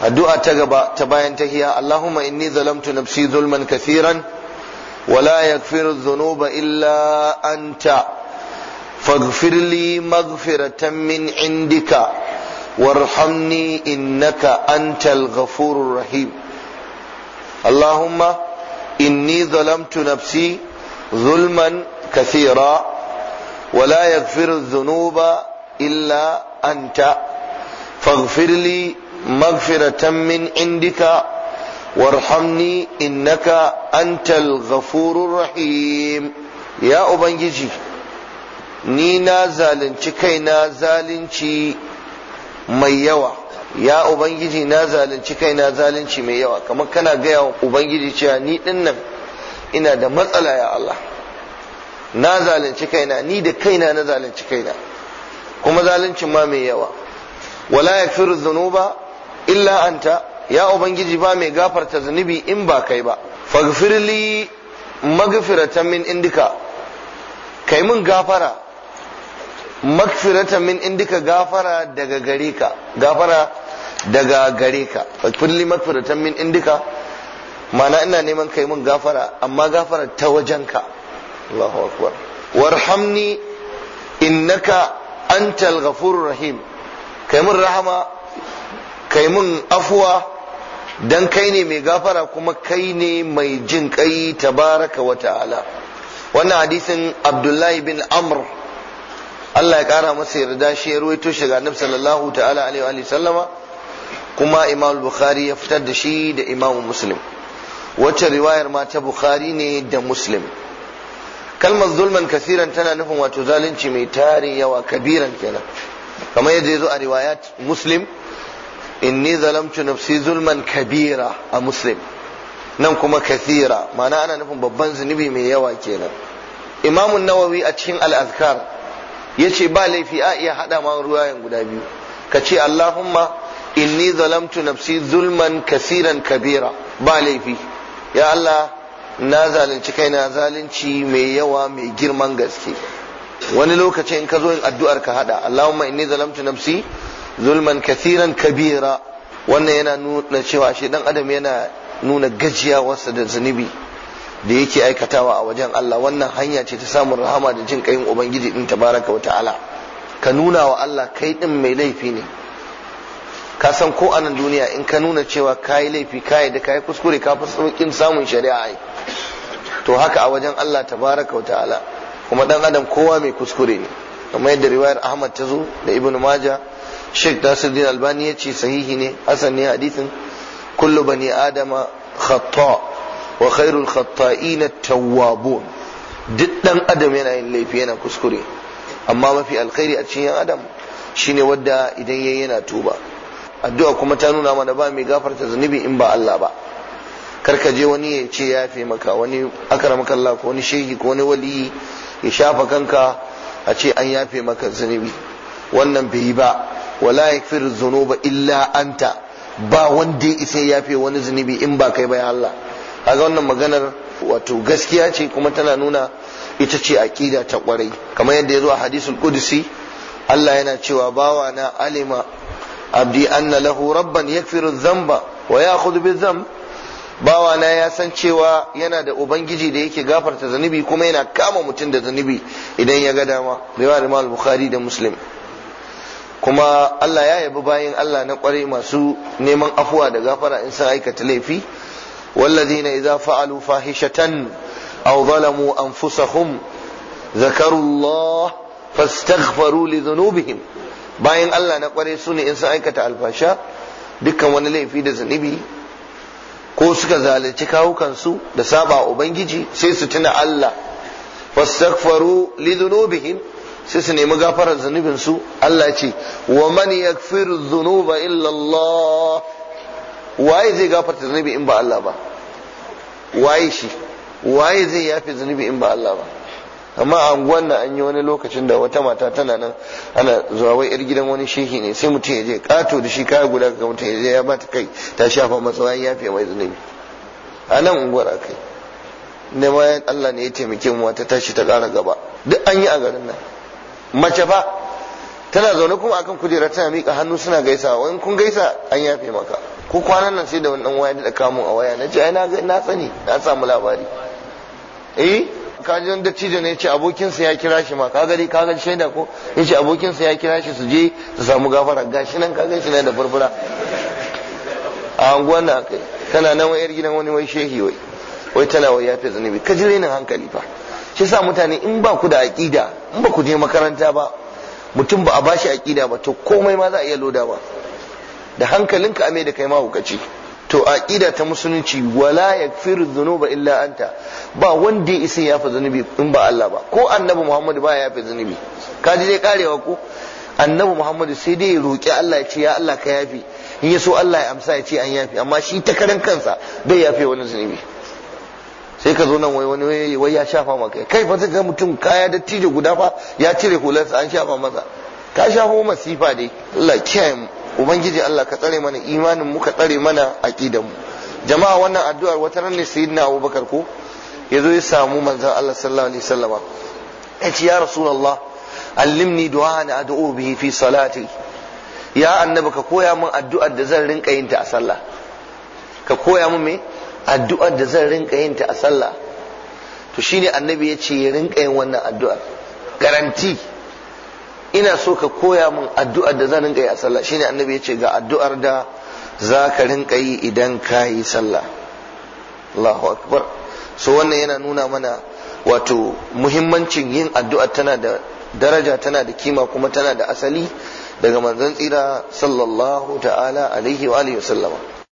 addu'a ta gaba ta bayan tahiya Allahumma inni zalamtu nafsi zulman kathiran wa la yaghfiru dhunuba illa anta faghfir li maghfiratan min indika warhamni innaka antal ghafurur rahim Allahumma inni zalamtu nafsi zulman kathira wa la yaghfiru dhunuba illa anta faghfir li مغفرة من عندك وارحمني إنك أنت الغفور الرحيم يا أبنجي نينا زالنشي zalunci mai yawa. ya ubangiji na zalunci kai na zalunci mai yawa kamar kana gaya wa ubangiji cewa ni din nan ina da matsala ya Allah na zalunci kaina ni da kaina na zalunci kaina kuma zalunci ma mai yawa wala yaghfiru dhunuba illa anta ya ubangiji ba mai gafarta zunubi in ba kai ba faghfirli magfiratan min indika kai mun gafara magfiratan min indika gafara daga gare ka gafara daga gare ka faghfirli magfiratan min indika mana ina neman kai mun gafara amma gafara ta wajenka Allahu akbar warhamni innaka antal ghafurur rahim kai mun rahama kai mun afuwa dan kai ne mai gafara kuma kai ne mai jin kai tabaraka wa ta'ala wannan hadisin abdullahi bin amr Allah ya kara masa yarda shi ya ruwaito shi ga annabi sallallahu ta'ala alaihi wa sallama kuma imam bukhari ya fitar da shi da imam muslim wacce riwayar ma ta bukhari ne da muslim kalmar zulman kasiran tana nufin wato zalunci mai tarin yawa kabiran kenan kamar yadda ya zo a riwayat muslim inni zalamtu nafsi zulman kabira a muslim nan kuma kathira ma'ana ana nufin babban zunubi mai yawa kenan imamun nawawi a cikin al'azkar ya ce ba laifi a iya haɗa ma ruwayan guda biyu ka ce allahumma inni zalamtu nafsi zulman kasiran kabira ba laifi ya allah na zalunci kaina zalunci mai yawa mai girman gaske wani lokaci in ka zo yin addu'ar ka hada allahumma inni zalamtu nafsi zulman kathiran kabira wannan yana nuna cewa shi dan adam yana nuna gajiyawarsa da zunubi da yake aikatawa a wajen Allah wannan hanya ce ta samun rahama da jin kayin ubangiji din tabaraka wa ta'ala ka nuna wa Allah kai din mai laifi ne ka san ko anan duniya in ka nuna cewa kayi laifi kai da kai kuskure ka fi saukin samun shari'a ai to haka a wajen Allah tabaraka wa ta'ala kuma dan adam kowa mai kuskure ne kamar yadda riwayar Ahmad ta zo da Ibn Majah Sheikh Nasiruddin Albani ya ce sahihi ne hasan ne hadisin kullu bani adama khata wa khairul khata'in tawwabun duk dan adam yana yin laifi yana kuskure amma mafi alkhairi a cikin adam shine wanda idan yayi yana tuba addu'a kuma ta nuna mana ba mai gafarta zunubi in ba Allah ba karka je wani ya ce ya fi maka wani akramaka Allah ko wani shehi ko wani wali ya shafa kanka a ce an yafe maka zunubi wannan bai yi ba wala yaghfiru dhunuba illa anta ba wanda isa yafe wani zunubi in ba kai bayan Allah kaga wannan maganar wato gaskiya ce kuma tana nuna ita ce aqida ta kwarai kamar yadda ya zo a hadisul qudsi Allah yana cewa bawa na alima abdi anna lahu rabban yakfiru dhanba wa ya'khudhu bidhanb bawa na ya san cewa yana da ubangiji da yake gafarta zanubi kuma yana kama mutum da zanubi idan ya ga dama riwayar al Bukhari da Muslim kuma Allah ya yabi bayin Allah na kwarai masu neman afuwa da gafara in sun aikata laifi wallazina idza fa'alu fahishatan aw zalamu anfusahum zakaru Allah fastaghfaru li dhunubihim bayin Allah na kwarai su ne in sun aikata alfasha dukkan wani laifi da zunubi ko suka zalunci kawukansu da saba ubangiji sai su tuna Allah fastaghfaru li dhunubihim sai su nemi gafarar zunubin su Allah ce wa man yaghfiru dhunuba illa Allah waye zai gafarta zunubi in ba Allah ba waye shi waye zai yafe zunubi in ba Allah ba amma a anguwan nan an yi wani lokacin da wata mata tana nan ana zuwa wai yar gidan wani shehi ne sai mutum ya je kato da shi kaya guda ga mutum ya je ya bata kai ta shafa masa bayan yafe mai zunubi a nan unguwar akai ne ma Allah ne ya taimake mu wata tashi ta kara gaba duk an yi a garin nan mace ba tana zaune kuma akan kujera tana mika hannu suna gaisa in kun gaisa an yafe maka ko kwanan nan sai da wani dan waya da mun a waya ce ai na tsani na samu labari eh ji wanda dattijo ne yace abokinsa ya kira shi ma ka gari ka kaga shaida ko yace abokinsa ya kira shi su je su samu gafara gashi nan ka shi na da furfura a anguwan na kai tana nan wayar gidan wani wai shehi wai wai tana wai yafe zanubi ka ji rainin hankali fa shi sa mutane in ba ku da aƙida in ba ku je makaranta ba mutum ba a ba shi aƙida ba to komai ma za a iya loda ba da hankalinka a mai da kai mahaukaci to aƙida ta musulunci wala ya yakfiru dhunuba illa anta ba wanda ya isa yafa zunubi in ba Allah ba ko annabi Muhammadu ba ya yafa zunubi ka ji dai karewa ko annabi Muhammadu sai dai ya roƙi Allah ya ce ya Allah ka yafi in ya so Allah ya amsa ya ce an yafi amma shi ta karan kansa bai yafe wani zunubi sai ka zo nan wai wani wai ya shafa maka kai fa ga mutum kaya da tije guda fa ya cire hularsa an shafa masa ka shafa masifa dai Allah kiyaye mu ubangiji Allah ka tsare mana imanin mu ka tsare mana aqidan mu jama'a wannan addu'ar wata ran ne sayyidina Abubakar ko yazo ya samu manzon Allah sallallahu alaihi wasallama yace ya rasulullah allimni du'an ad'u bihi fi salati ya annabi ka koya min addu'ar da zan rinka yin ta a sallah ka koya min me addu'ar da zan rinka yin ta a sallah to shine annabi ya ce ya rinka yin wannan addu'ar garanti ina so ka koya min addu'ar da zan rinka yi a sallah shine annabi ya ce ga addu'ar da za ka rinka yi idan ka yi sallah Allahu akbar so wannan yana nuna mana wato muhimmancin yin addu'a tana da daraja tana da kima kuma tana da asali daga manzon tsira sallallahu ta'ala alaihi wa alihi wasallama